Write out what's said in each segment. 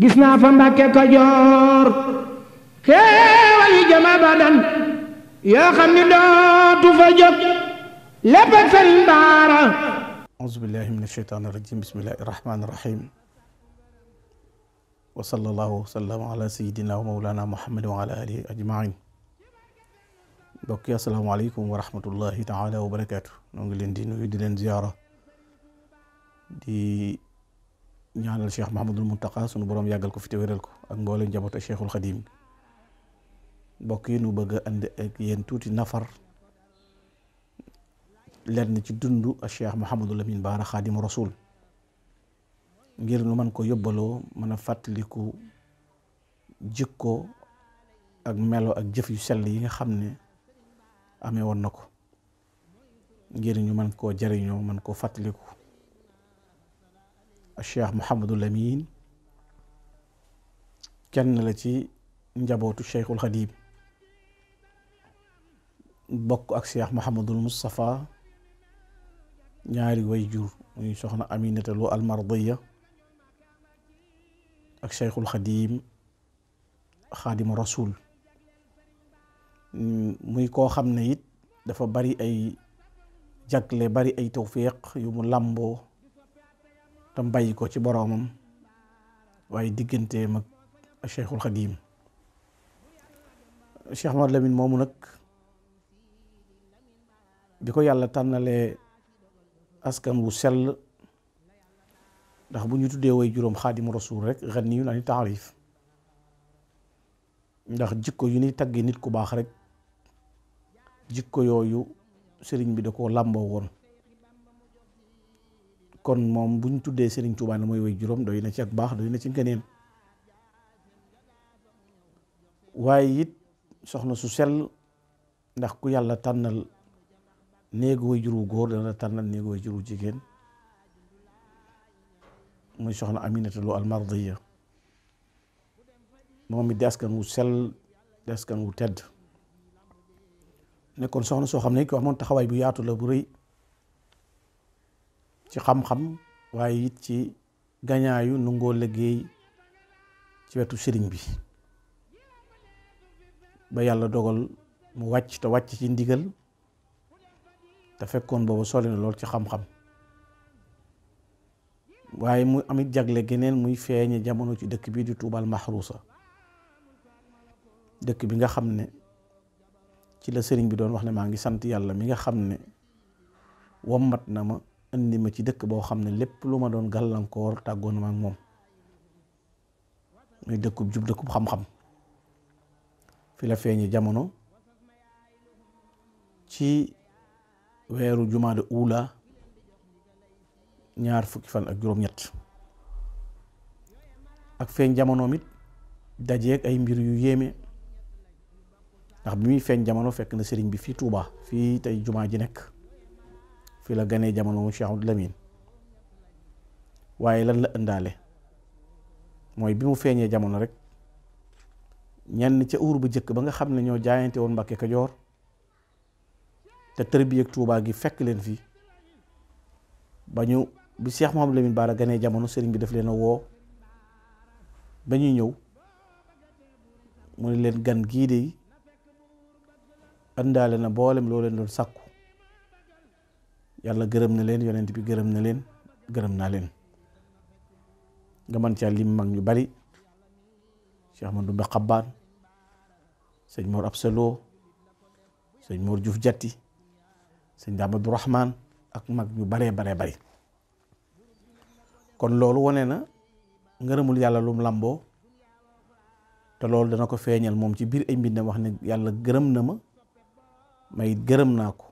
gisna fa mbacke ko jor ke way jama badan ya xamni do أعوذ بالله من الشيطان الرجيم بسم الله الرحمن الرحيم وصلى الله وسلم على سيدنا ومولانا محمد وعلى آله أجمعين بك يا سلام عليكم ورحمة الله تعالى وبركاته نقول لندين ويدلن زيارة دي ñaanal cheikh Mouhamadul Mountakha sunu borom yagal ko fi te wéral ko ak mboolem njabootu cheikhul xadim mbokk yi nu bëgg ànd ak yéen tuuti nafar lenn ci dundu cheikh Mouhamadul Amin Baara xaadimu rasul ngir nu mën ko yóbbaloo mën a jikko ak melo ak jëf yu sell yi nga xam ne amee woon ko ngir ñu mën koo jëriñoo mën koo fàttaliku. الشيخ محمد اللمين كان لتي نجابوت الشيخ الخديب بوك اك الشيخ محمد المصطفى نياري ويجور ني سخنا امينه لو المرضيه اك الشيخ الخديم خادم الرسول موي كو خامنيت دا فا بري اي جاكلي بري اي توفيق يوم لامبو te bàyyi ko ci boroomam waaye digganteem ak Cheikhul Xadim Cheikh Mouhamed Lamine moomu nag bi ko yàlla tànnalee askan wu sell ndax bu ñu tuddee way juróom xaadimu rasuul rek xen yu naa ni taarif ndax jikko yu ni tagge nit ku baax rek jikko yooyu sëriñ bi da koo làmboo woon kon moom bu ñu tuddee Serigne Touba ne mooy way juróom doy na ci ak baax doy na ci ngëneel waaye it soxna su sel ndax ku yàlla tànnal néegu way jur wu góor dana la tànnal néegu way jigéen muy soxna Aminata Lo Almardiya moom it di askan wu sel deskan wu tedd nekkoon soxna soo xam ne ko amoon taxawaay bu yaatu la bu rëy ci xam-xam waaye it ci gañaayu nungoo liggéey ci wetu sëriñ bi ba yàlla dogal mu wàcc te wàcc ci ndigal te fekkoon boobu soli lool ci xam-xam waaye mu amit jagle geneen muy feeñe jamono ci dëkk bi di tuubal maxruusa dëkk bi nga xam ne ci la sëriñ bi doon wax ne maa ngi sant yàlla mi nga xam ne wommat na ma indi ma ci dëkk boo xam ne lépp lu ma doon gàllankoor tàggoon ak moom muy dëkku jub dëkkub xam-xam fi la feeñi jamono ci weeru jumaada uula ñaar fukki fan ak juróom-ñett ak feeñ jamonoom it dajeeg ay mbir yu yéeme ndax bi muy feeñ jamono fekk na sëriñ bi fii Touba fii tey jumaa ji nekk fi la ganee jamono mu Cheikh Amadou Lamine waaye lan la ëndaale mooy bi mu feeñee jamono rek ñenn ca uur bu jëkk ba nga xam ne ñoo jaayante woon Mbàkke Kajoor te tërbiye ak Tuubaa gi fekk leen fii ba ñu bi Cheikh Mouhamadou Lamine Bara ganee jamono sëriñ bi daf leen a woo ba ñuy ñëw mu ne leen gan gii de ëndaale na boolem loo leen doon sàkku yàlla gërëm na leen yonent bi gërëm na leen gërëm naa leen nga mën caa lim mag ñu bari Cheikh Ahmadou Ba Xabbaan sëñ Mor Absalo sëñ Mor Diouf Jatti sëñ Daam Abdu Rahmaan ak mag ñu baree bare bari kon loolu wane na ngërëmul yàlla lum làmboo te loolu dana ko feeñal moom ci biir ay mbindam wax ne yàlla gërëm na ma may gërëm naa ko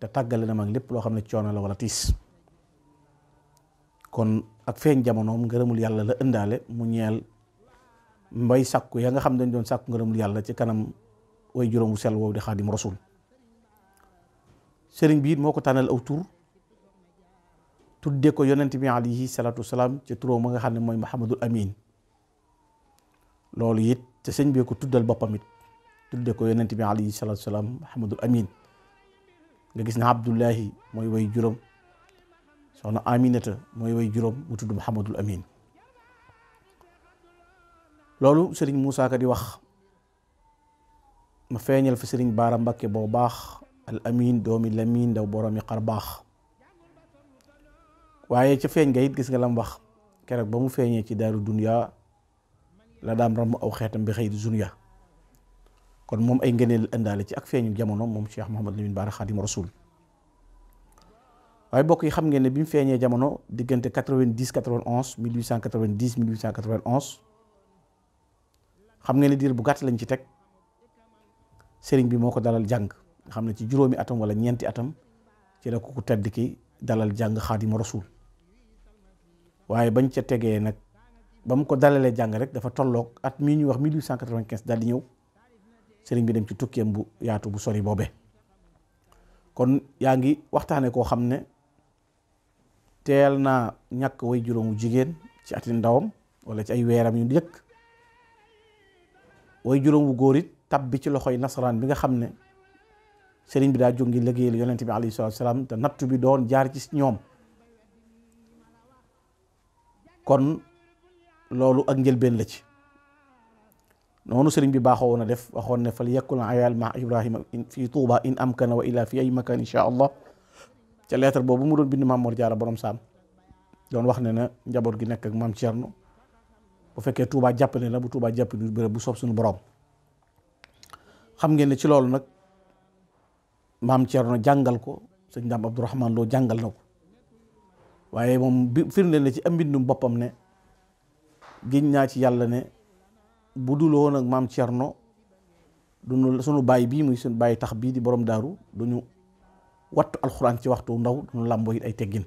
te tàggale na mag lépp loo xam ne coono la wala tiis kon ak feeñ jamonoom ngërëmul yàlla la ëndaale mu ñeel mbay sàkku ya nga xam dañ doon sàkku ngërëmul yàlla ci kanam way juróom wu sell woowu di xaadim rasul sëriñ bi it moo ko tànnal aw tur tudde ko yonent bi alayhi salaatu wasalaam ca turóom ma nga xam ne mooy Muhammadul Amin loolu it te sëñ bee ko tuddal boppam it tudde ko yonent bi alayhi salaatu wasalaam Muhammadul amiin nga gis ne Abdullahi mooy way juróom soxna Aminata mooy way juróom mu tudd Muhammadul Amin loolu sëriñ Moussa di wax ma feeñal fi sëriñ Baara Mbakke boo baax al Amin doomi Lamin daw boroomi xar baax waaye ca feeñ nga it gis nga lam wax keroog ba mu feeñee ci daaru dunya la daam ram aw xeetam bi xëy di dunya kon moom ay ngëneel ëndaale ci ak feeñu jamono moom Cheikh Mouhamadou Lamine Bara Khadimu Rasul waaye bokk yi xam ngeen ne bi mu feeñee jamono diggante 90 91 1890 1891 xam ngeen ne diir bu gàtt lañ ci teg sëriñ bi moo ko dalal jàng nga xam ne ci juróomi atam wala ñeenti atam ci la ko ku tedd ki dalal jàng Xaadimu Rasul waaye bañ ca tegee nag ba mu ko dalalee jàng rek dafa tolloog at mii ñuy wax 1895 daal di ñëw. sëriñ bi dem ci tukkeem bu yaatu bu sori boobe kon yaa ngi waxtaane koo xam ne teel naa ñàkk way juróomu jigéen ci ati ndawam wala ci ay weeram yu njëkk way juróom wu góor it tab bi ci loxoy nasaraan bi nga xam ne sëriñ bi daa jóg ngi liggéeyal yonent bi alayhi salaatu salaam te nattu bi doon jaar ci ñoom kon loolu ak njëlbeen la ci noonu sëriñ bi baaxoo woon a def waxoon ne fal yakul ayal ma ibrahima fii tuuba in amkana wa ila fi ay makan insha allah ca lettre boobu mu doon bind maam Mor Jaara borom saam doon wax ne na njaboot gi nekk ak maam Cerno bu fekkee tuubaa jàppale la bu tuubaa jàppale bërëb bu soob suñu borom xam ngeen ci loolu nag maam Cerno jàngal ko sëñ Daam Abdourahman Lo jàngal na ko waaye moom bi na ci am mbindum boppam ne gin naa ci yàlla ne bu dul woon ak maam Thierno duñu sunu baay bii muy sunu baay tax bii di borom daaru duñu wattu alxuraan ci waxtu ndaw duñu làmboo it ay teggin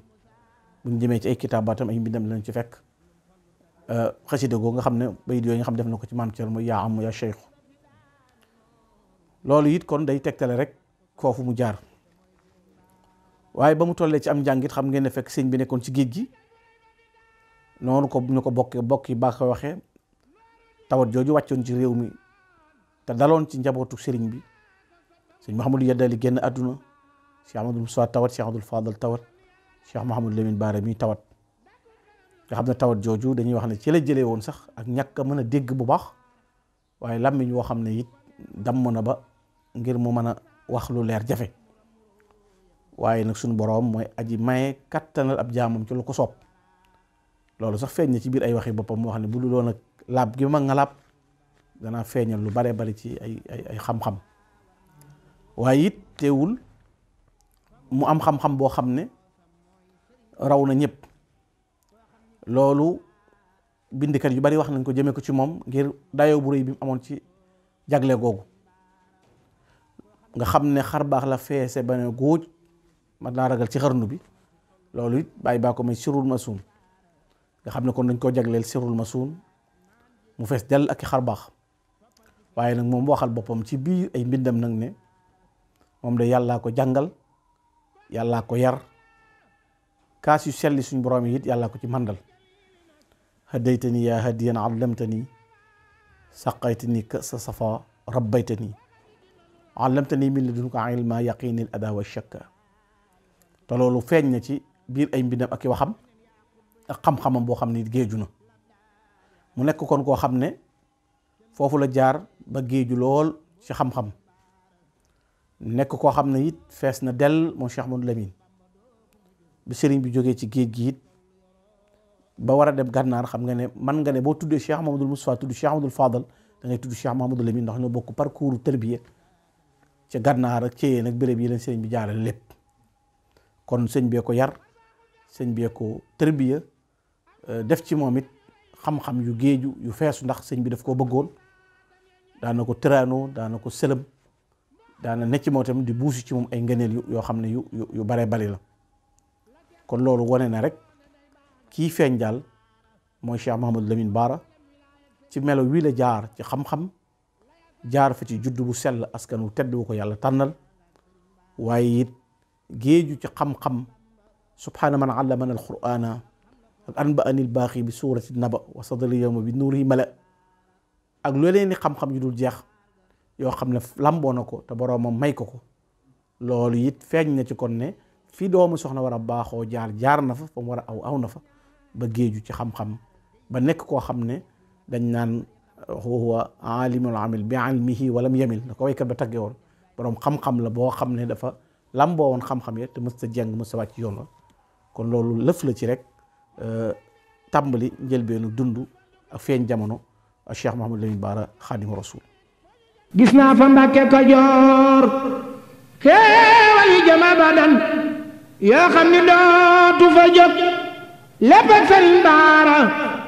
buñ jëmee ci ay kitaabatam ay mbindam lañ ci fekk euh, xasida googu nga xam ne bay yooyu nga xam def na ko ci maam Thierno mooy yaa am yaa cheikh loolu it kon day tegtale rek foofu mu jaar waaye ba mu tollee ci am njàngit xam ngeen ne fekk sëñ bi nekkoon ci géej gi noonu ko ñu ko bokk bokk yi baa ko waxee tawat jooju wàccoon ci réew mi te daloon ci njabootu sëriñ bi sëñ Mahamadou Yadali génn àdduna Cheikh Ahmadou Moussa tawat Cheikh Ahmadou tawat Cheikh Mahamadou Lamine Baara mi tawat nga xam ne tawat jooju dañuy wax ne ci la jëlee woon sax ak ñàkk a mën a dégg bu baax waaye làmmiñ woo xam ne it damm na ba ngir mu mën a wax lu leer jafe waaye nag suñu boroom mooy aji maye kattanal ab jaamam ci lu ko soob loolu sax feeñ na ci biir ay waxi boppam moo xam ne bu dul woon lab gi ma ngalab danaa feeñal lu bare bari ci ay ay ay waaye it teewul mu am xam boo xam ne raw na ñëpp loolu bindikat yu bari wax nañ ko jëme ko ci moom ngir dayoo bu rëy bi amoon ci jagle googu nga xam ne xar baax la feese ba ne góoj mat naa ragal ci xarnu bi loolu it bàyyi baa ko may sirul masuun nga xam ne kon dañ koo jagleel sirul masuun mu fees dell ak i xar baax waaye nag moom waxal boppam ci biir ay mbindam nag ne moom de yàllaa ko jàngal yàllaa ko yar kaas yu selli suñ borom yi it yàllaa ko ci màndal hadaytani yaa hadiyan allamtani saqaytani kasa safa rabbaytani allamtani ko ladunka ilma yaqinil ada wa shakka te loolu feeñ na ci biir ay mbindam ak i waxam ak xam-xamam boo xam ni géeju na mu nekk kon koo xam ne foofu la jaar ba géeju lool ci xam-xam nekk koo xam ne it fees na del moom Cheikh Modou Lamine bi sëriñ bi jógee ci géej gi it ba war a dem gànnaar xam nga ne man nga ne boo tuddee Cheikh Mahamadul Moustapha tudd Cheikh Mahamadul Fadal da ngay tudd Cheikh Mahamadul Lamine ndax ñoo bokk parcours tërbiya ca gànnaar ak ceyeen ak béréb yi leen sëriñ bi jaarale lépp kon sëñ bee ko yar sëñ bee ko tërbiya def ci moom it xam-xam yu géeju yu feesu ndax sëñ bi daf koo bëggoon daana ko tëraanoo daana ko sëlëm daana necc moo tam di buusi ci moom ay ngëneel yu yoo xam ne yu yu bare bari la kon loolu wone na rek kii feeñ daal mooy Cheikh Mahamadou Lamine Baara ci melo wii la jaar ci xam-xam jaar fa ci juddu bu sell askan wu tedd wu ko yàlla tànnal waaye it géeju ci xam-xam subhaana man allamana alqurana ak an ba anil baaxi bi suurati naba wa sadali yowma bi yi mala ak loo leen ni xam-xam yu dul jeex yoo xam ne lamboo na ko te boroomam may ko ko loolu it feeñ na ci kon ne fi doomu soxna war a baaxoo jaar jaar na fa fa mu aw aw na fa ba géeju ci xam ba nekk koo xam ne dañ naan huwa alimul amil bi almihi walam yamil na ko waykat ba tagge woon boroom xam la boo xam ne dafa lamboo woon xam-xam ya te mës ta jàng mës yoon la kon loolu lëf la ci rek tàmbali njëlbeenu dund ak feeñ jamono ak Cheikh Mouhamadou Lamine Bara Xaadimu Rasuul gis naa fa Mbàkke Kajoor xéewal yu jama badan yoo xam ni dootu fa jóg lépp ak Sëriñ Bara